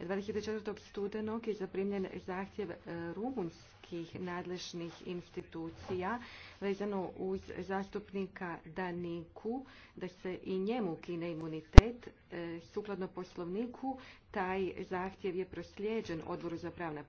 24. studenog je zaprimljen zahtjev e, rumunskih nadležnih institucija vezano uz zastupnika Daniku da se i njemu ukine imunitet. E, sukladno poslovniku taj zahtjev je proslijeđen odboru za pravna